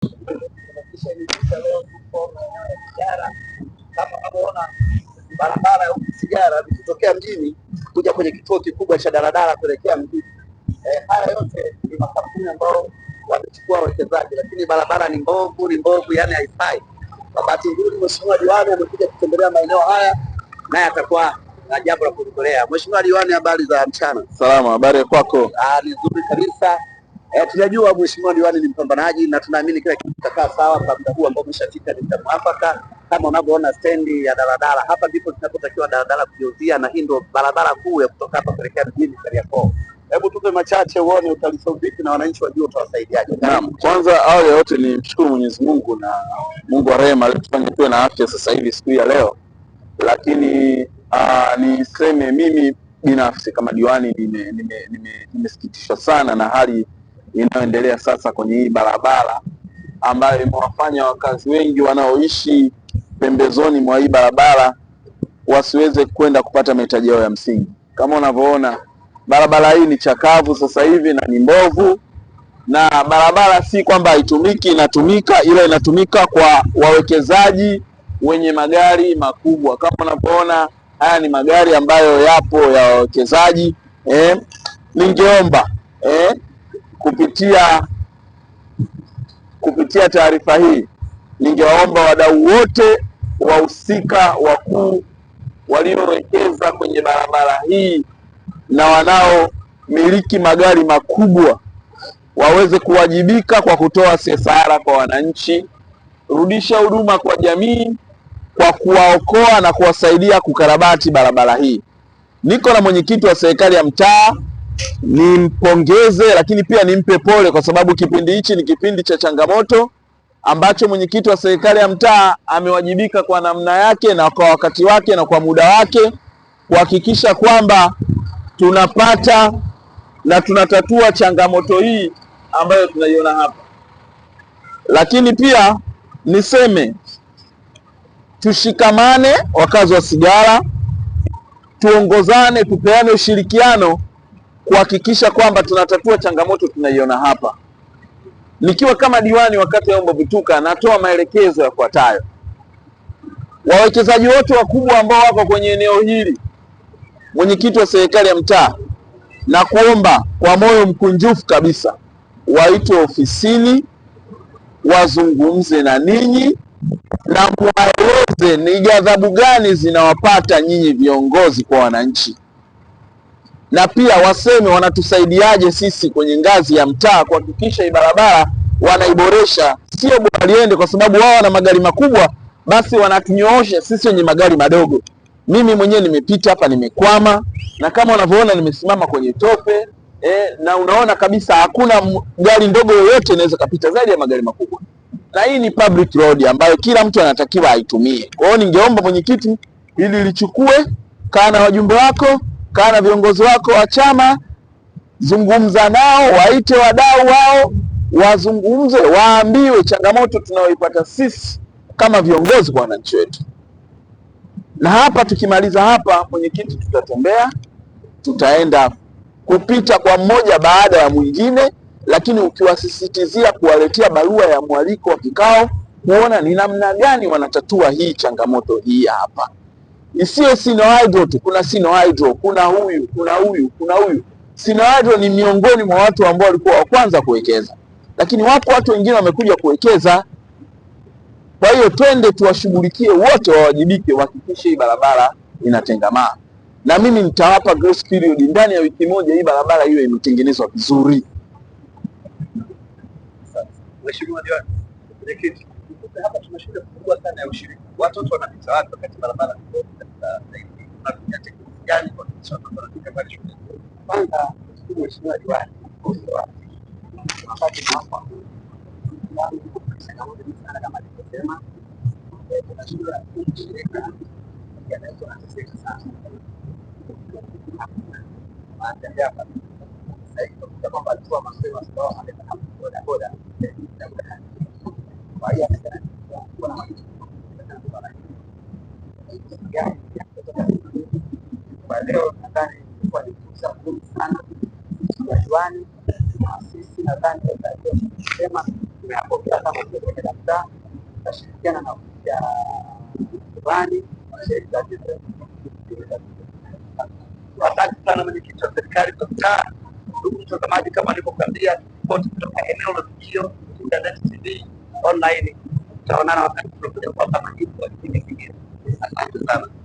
Inaonyesha imepita leo tuko maeneo ya Kigara, kama unavyoona barabara ya Kigara ikitokea mjini kuja kwenye kituo kikubwa cha daladala kuelekea mjini. Eh, haya yote ni makampuni ambao wamechukua wawekezaji, lakini barabara ni mbovu, ni mbovu, yani haifai. Kwa bahati nzuri, mheshimiwa diwani amekuja kutembelea maeneo haya, naye atakuwa na jambo la kuongolea. Mheshimiwa diwani, habari za mchana? Salama, habari kwako? Ah, nzuri kabisa. E, tunajua mheshimiwa diwani ni mpambanaji na tunaamini kila kitu kitakaa sawa kwa muda huu ambao umeshafika, ni mwafaka. Kama unavyoona stendi ya daladala hapa, ndipo tunapotakiwa daladala kujiuzia, na hii ndio barabara kuu ya kutoka hapa kuelekea mjini Kariakoo. Hebu tupe machache uone utalisolve vipi na wananchi wajue utawasaidiaje. Naam, kwanza awali ya yote ni mshukuru Mwenyezi Mungu na Mungu wa rehema alitufanya tuwe na afya sasa hivi siku ya leo, lakini ah, niseme mimi binafsi kama diwani nimesikitishwa nime, nime, nime sana na hali inayoendelea sasa kwenye hii barabara ambayo imewafanya wakazi wengi wanaoishi pembezoni mwa hii barabara wasiweze kwenda kupata mahitaji yao ya msingi. Kama unavyoona barabara hii ni chakavu sasa hivi na ni mbovu, na barabara si kwamba haitumiki, inatumika, ila inatumika kwa wawekezaji wenye magari makubwa. Kama unavyoona haya ni magari ambayo yapo ya wawekezaji eh. Ningeomba eh, kupitia kupitia taarifa hii ningewaomba wadau wote wahusika wakuu waliowekeza kwenye barabara hii na wanaomiliki magari makubwa waweze kuwajibika kwa kutoa sesara kwa wananchi, rudisha huduma kwa jamii kwa kuwaokoa na kuwasaidia kukarabati barabara hii. Niko na mwenyekiti wa serikali ya mtaa nimpongeze, lakini pia nimpe pole, kwa sababu kipindi hichi ni kipindi cha changamoto ambacho mwenyekiti wa serikali ya mtaa amewajibika kwa namna yake na kwa wakati wake na kwa muda wake kuhakikisha kwamba tunapata na tunatatua changamoto hii ambayo tunaiona hapa. Lakini pia niseme tushikamane, wakazi wa Sigara, tuongozane, tupeane ushirikiano kuhakikisha kwamba tunatatua changamoto tunaiona hapa. Nikiwa kama diwani wakati wa Mbwabutuka, natoa maelekezo yafuatayo: wawekezaji wote wakubwa ambao wako kwenye eneo hili, mwenyekiti wa serikali ya mtaa, na kuomba kwa moyo mkunjufu kabisa waitwe ofisini wazungumze na ninyi na mwaeleze ni ghadhabu gani zinawapata nyinyi viongozi kwa wananchi na pia waseme wanatusaidiaje sisi kwenye ngazi ya mtaa kuhakikisha hii barabara wanaiboresha. Sio bora liende, kwa sababu wao wana magari makubwa, basi wanatunyoosha sisi wenye magari madogo. Mimi mwenyewe nimepita hapa, nimekwama na kama unavyoona nimesimama kwenye tope eh, na unaona kabisa hakuna gari ndogo yoyote inaweza kapita zaidi ya magari makubwa, na hii ni public road ambayo kila mtu anatakiwa aitumie. Kwa hiyo ningeomba mwenyekiti, ili lichukue, kaa na wajumbe wako kaa na viongozi wako wa chama, zungumza nao, waite wadau wao wazungumze, waambiwe changamoto tunayoipata sisi kama viongozi kwa wananchi wetu. Na hapa tukimaliza hapa, mwenyekiti, tutatembea tutaenda kupita kwa mmoja baada ya mwingine, lakini ukiwasisitizia kuwaletea barua ya mwaliko wa kikao, kuona ni namna gani wanatatua hii changamoto hii hapa isiyo Sinohydro tu, kuna Sinohydro, kuna huyu, kuna huyu, kuna huyu. Sinohydro ni miongoni mwa watu ambao walikuwa wa kwanza kuwekeza, lakini wapo watu wengine wamekuja kuwekeza. Kwa hiyo twende tuwashughulikie wote, wawajibike, wahakikishe hii barabara inatengamaa, na mimi nitawapa grace period ndani ya wiki moja, hii barabara hiyo imetengenezwa vizuri. Mheshimiwa Diwani, mwenyekiti, Kumbe hapa tuna shule kubwa sana ya ushiriki, watoto wanapita wapi wakati barabara tunatumia teknolojia gani kuhakikisha watoto wanafika pale shule? Kwanza nashukuru Mheshimiwa Diwani wakati hapa changamoto ni sana kama alivyosema, tuna shule shirika yanaweza wanateseka sana anatembea hapa sasa hivi kwamba alikuwa mapema sababu amepata bodaboda Kwa leo nadhani ilikuwa ni fursa sana madiwani na sisi, nadhani kusema tunayapokea kama kwenye daftari, tutashirikiana na diwani. Asante sana mwenyekiti wa serikali za mtaa. Ndugu mtazamaji, kama nilivyokuambia, ripoti kutoka eneo la tukio Mtandani TV. online. ini So, nanokat ko po ini, ini, ini. ini ini ini.